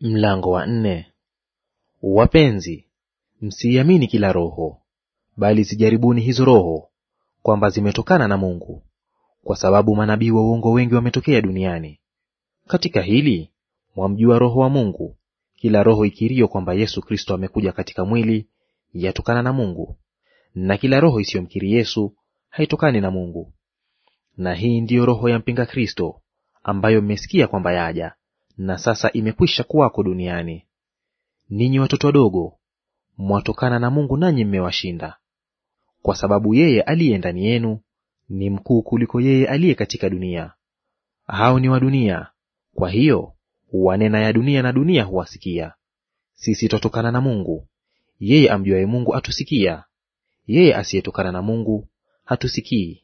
Mlango wa nne. Wapenzi, msiiamini kila roho, bali zijaribuni hizo roho, kwamba zimetokana na Mungu, kwa sababu manabii wa uongo wengi wametokea duniani. Katika hili mwamjua roho wa Mungu, kila roho ikirio kwamba Yesu Kristo amekuja katika mwili yatokana na Mungu, na kila roho isiyomkiri Yesu haitokani na Mungu. Na hii ndiyo roho ya mpinga Kristo, ambayo mmesikia kwamba yaja na sasa imekwisha kuwako duniani. Ninyi watoto wadogo, mwatokana na Mungu nanyi mmewashinda, kwa sababu yeye aliye ndani yenu ni mkuu kuliko yeye aliye katika dunia. Hao ni wa dunia, kwa hiyo wanena ya dunia, na dunia huwasikia. Sisi twatokana na Mungu. Yeye amjuaye Mungu atusikia, yeye asiyetokana na Mungu hatusikii.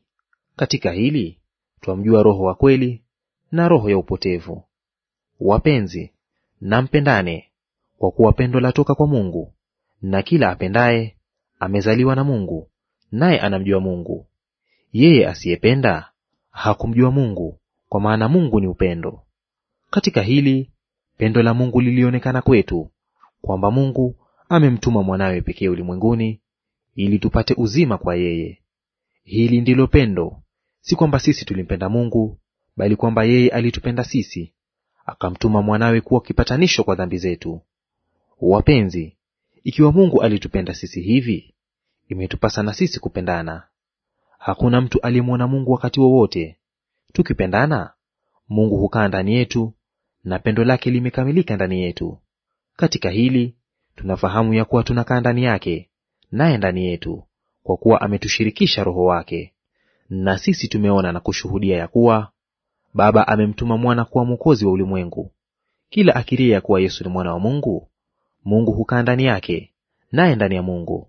Katika hili twamjua Roho wa kweli na roho ya upotevu. Wapenzi, na mpendane, kwa kuwa pendo latoka kwa Mungu. Na kila apendaye amezaliwa na Mungu, naye anamjua Mungu. Yeye asiyependa hakumjua Mungu, kwa maana Mungu ni upendo. Katika hili pendo la Mungu lilionekana kwetu, kwamba Mungu amemtuma mwanawe pekee ulimwenguni ili tupate uzima kwa yeye. Hili ndilo pendo, si kwamba sisi tulimpenda Mungu, bali kwamba yeye alitupenda sisi akamtuma mwanawe kuwa kipatanisho kwa dhambi zetu. Wapenzi, ikiwa Mungu alitupenda sisi hivi, imetupasa na sisi kupendana. Hakuna mtu aliyemwona Mungu wakati wowote. Tukipendana, Mungu hukaa ndani yetu na pendo lake limekamilika ndani yetu. Katika hili tunafahamu ya kuwa tunakaa ndani yake, naye ndani yetu, kwa kuwa ametushirikisha Roho wake. Na sisi tumeona na kushuhudia ya kuwa Baba amemtuma mwana kuwa mwokozi wa ulimwengu. Kila akiria ya kuwa Yesu ni mwana wa Mungu, Mungu hukaa ndani yake, naye ndani ya Mungu.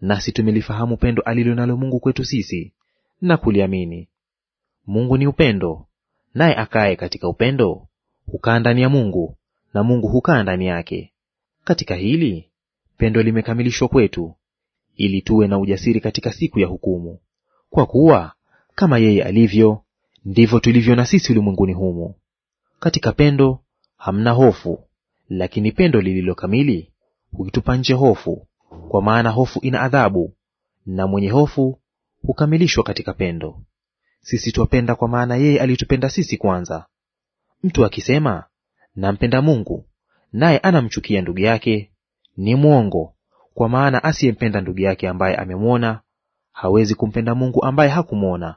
Nasi tumelifahamu pendo alilo nalo Mungu kwetu sisi na kuliamini. Mungu ni upendo, naye akaye katika upendo hukaa ndani ya Mungu na Mungu hukaa ndani yake. Katika hili pendo limekamilishwa kwetu, ili tuwe na ujasiri katika siku ya hukumu, kwa kuwa kama yeye alivyo ndivyo tulivyo na sisi ulimwenguni humu. Katika pendo hamna hofu, lakini pendo lililo kamili huitupa nje hofu, kwa maana hofu ina adhabu, na mwenye hofu hukamilishwa katika pendo. Sisi twapenda kwa maana yeye alitupenda sisi kwanza. Mtu akisema nampenda Mungu, naye anamchukia ndugu yake, ni mwongo, kwa maana asiyempenda ndugu yake ambaye amemwona hawezi kumpenda Mungu ambaye hakumwona.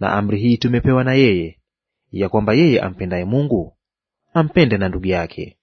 Na amri hii tumepewa na yeye, ya kwamba yeye ampendaye Mungu ampende na ndugu yake.